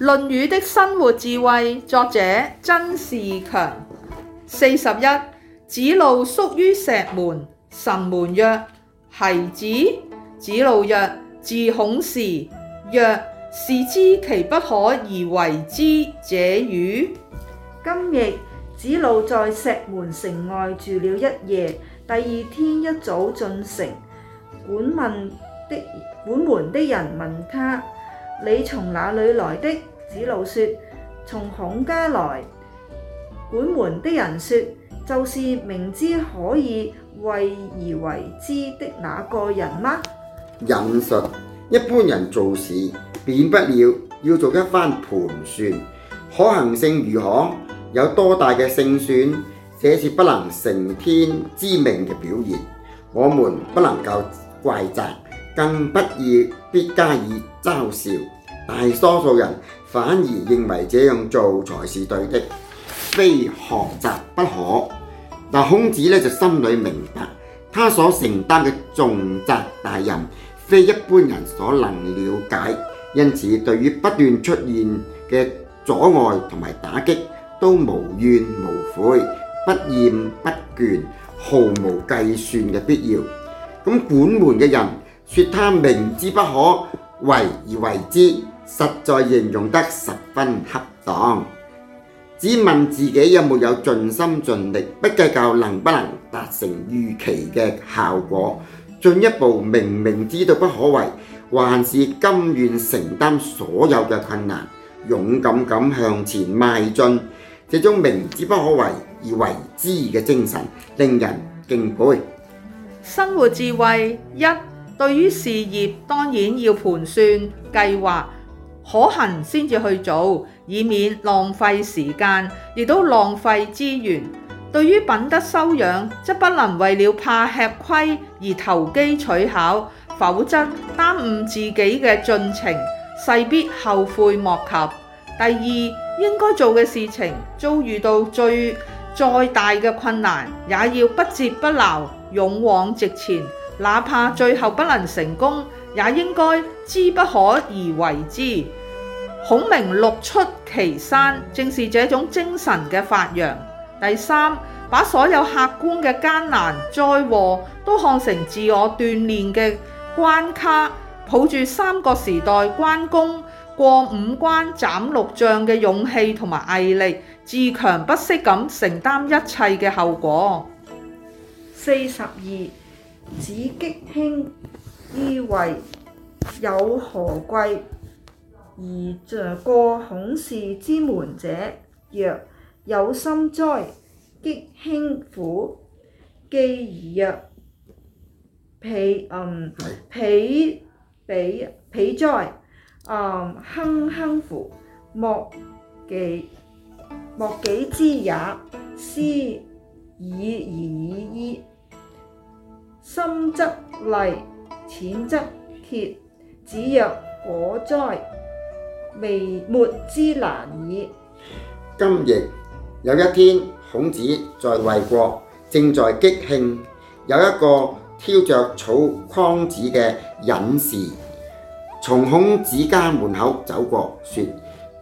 論語的生活智慧，作者曾仕強。你從哪裏來的？子路說：從孔家來。管門的人說：就是明知可以為而為之的那個人嗎？引述一般人做事，免不了要做一番盤算，可行性如何，有多大嘅勝算，這是不能成天知命嘅表現。我們不能夠怪責，更不要。」必加以嘲笑，大多數人反而認為這樣做才是對的，非學習不可。但孔子呢，就心裏明白，他所承擔嘅重責大任，非一般人所能了解。因此，對於不斷出現嘅阻礙同埋打擊，都無怨無悔，不厭不倦，毫無計算嘅必要。咁本門嘅人。說他明知不可為而為之，實在形容得十分恰當。只問自己有冇有盡心盡力，不計較能不能達成預期嘅效果。進一步明明知道不可為，還是甘願承擔所有嘅困難，勇敢咁向前邁進。這種明知不可為而為之嘅精神，令人敬佩。生活智慧一。對於事業當然要盤算計劃可行先至去做，以免浪費時間，亦都浪費資源。對於品德修養，則不能為了怕吃虧而投機取巧，否則耽誤自己嘅進程，勢必後悔莫及。第二，應該做嘅事情，遭遇到最再大嘅困難，也要不折不撓，勇往直前。哪怕最後不能成功，也應該知不可而為之。孔明六出祁山，正是這種精神嘅發揚。第三，把所有客觀嘅艱難災禍都看成自我鍛煉嘅關卡，抱住三國時代關公過五關斬六將嘅勇氣同埋毅力，自強不息咁承擔一切嘅後果。四十二。子擊磬於衛，有荷蕢，而著過孔氏之門者，曰：有心哉！擊磬乎。既而曰：彼嗯彼彼哉，硜硜乎，莫己莫己知也。斯已而已矣。深則厲，淺則揭。子曰：果哉，未末之難矣。今日有一天，孔子在衛國正在擊磬，有一個挑着草筐子嘅隱士從孔子家門口走過，說：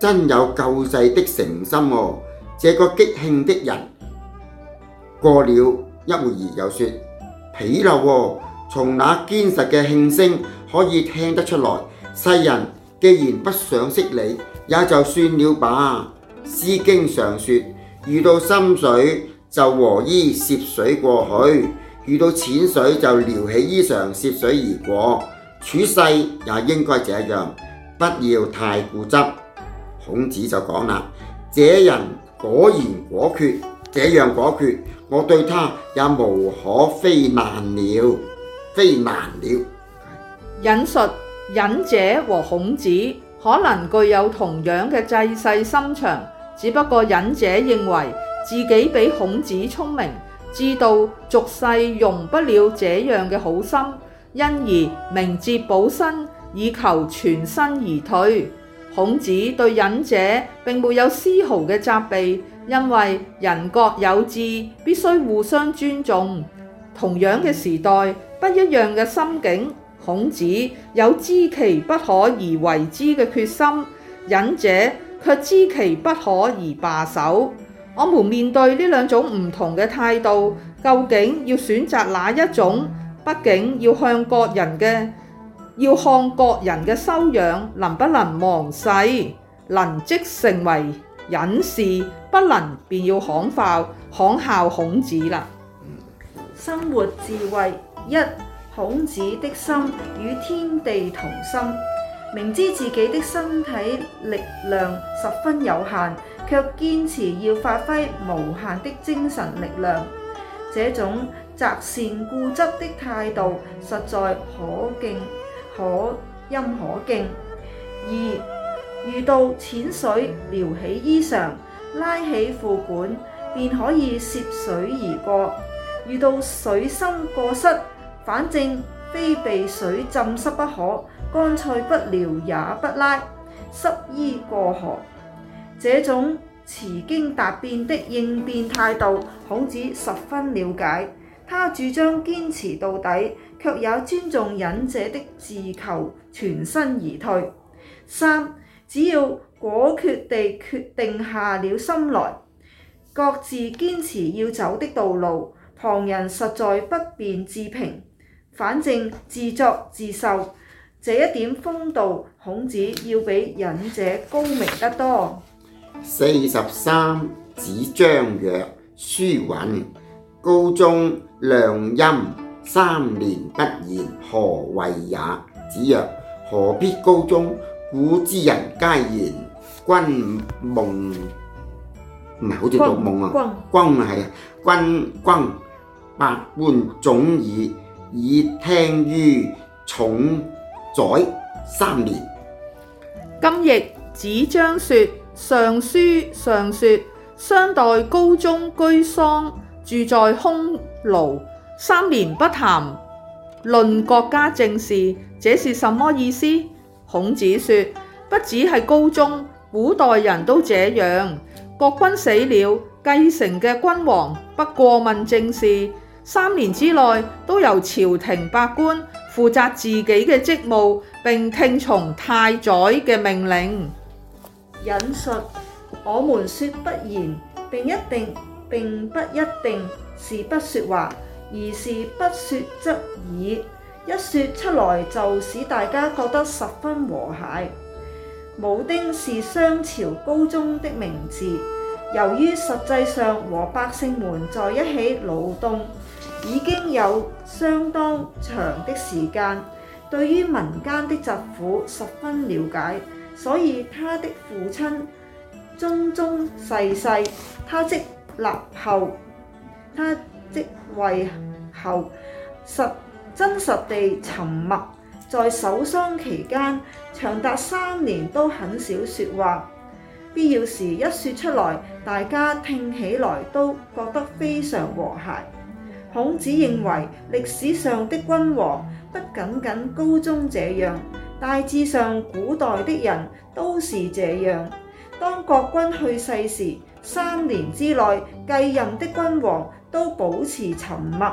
真有救世的誠心哦！這個擊磬的人過了一會又，又說。喜啦，哦，從那堅實嘅磬聲可以聽得出來。世人既然不想識你，也就算了吧。詩經常說，遇到深水就和衣涉水過去；遇到淺水就撩起衣裳涉水而過。處世也應該這樣，不要太固執。孔子就講啦：這人果然果決。這樣果決，我對他也無可非難了，非難了。引述隱者和孔子可能具有同樣嘅濟世心腸，只不過隱者認為自己比孔子聰明，知道俗世容不了這樣嘅好心，因而明哲保身以求全身而退。孔子對隱者並沒有絲毫嘅責備。因為人各有志，必須互相尊重。同樣嘅時代，不一樣嘅心境。孔子有知其不可而為之嘅決心，隱者卻知其不可而罷手。我們面對呢兩種唔同嘅態度，究竟要選擇哪一種？畢竟要向各人嘅，要看各人嘅修養能不能忘世，能即成為。隱士不能，便要仿效，仿效孔子啦。生活智慧一：孔子的心與天地同心，明知自己的身體力量十分有限，卻堅持要發揮無限的精神力量。這種擇善固執的態度，實在可敬可欽可敬。二遇到淺水撩起衣裳、拉起褲管，便可以涉水而過；遇到水深過膝，反正非被水浸濕不可，乾脆不撩也不拉，濕衣過河。這種持經達變的應變態度，孔子十分了解。他主張堅持到底，卻也尊重忍者的自求全身而退。三。只要果決地決定下了心來，各自堅持要走的道路，旁人實在不便置評。反正自作自受，這一點風度，孔子要比忍者高明得多。四十三，子張曰：書云，高宗諒陰，三年不言，何謂也？子曰：何必高宗？古之人皆言：君薨，唔係好似做夢啊？君，君係啊，君君，百官總以以聽於冢宰三年。今日子張説《尚書》上説，商代高宗居喪，住在空廬三年不談論國家政事，這是什麼意思？孔子說，不只是高宗，古代人都這樣，國君死了，繼承的君王，不過問政事，三年之內都由朝廷百官負責自己的職務，並聽從太宰的命令。引述，我們說不言，並一定，並不一定是不說話，而是不說則已。一說出來就使大家覺得十分和諧。武丁是商朝高宗的名字，由於實際上和百姓們在一起勞動已經有相當長的時間，對於民間的疾苦十分了解，所以他的父親中宗逝世，他即立後，他即位後實真實地沉默，在守喪期間長達三年都很少說話，必要時一說出來，大家聽起來都覺得非常和諧。孔子認為歷史上的君王不僅僅高宗這樣，大致上古代的人都是這樣。當國君去世時，三年之內繼任的君王都保持沉默。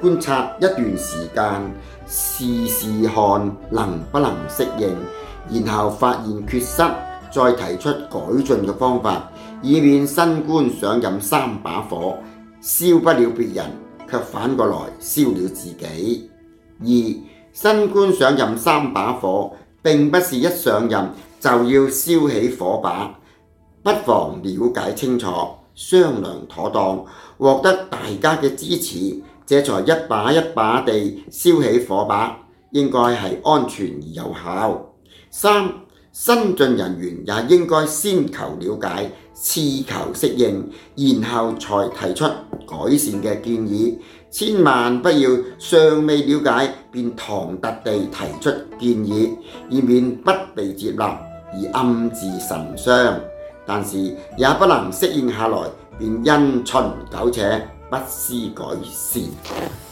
觀察一段時間，試試看能不能適應，然後發現缺失，再提出改進嘅方法，以免新官上任三把火，燒不了別人，卻反過來燒了自己。而新官上任三把火，並不是一上任就要燒起火把，不妨了解清楚，商量妥當，獲得大家嘅支持。這才一把一把地燒起火把，應該係安全而有效。三、新進人員也應該先求了解，次求適應，然後才提出改善嘅建議。千萬不要尚未了解便唐突地提出建議，以免不被接納而暗自神傷。但是也不能適應下來便因循苟且。不思改善。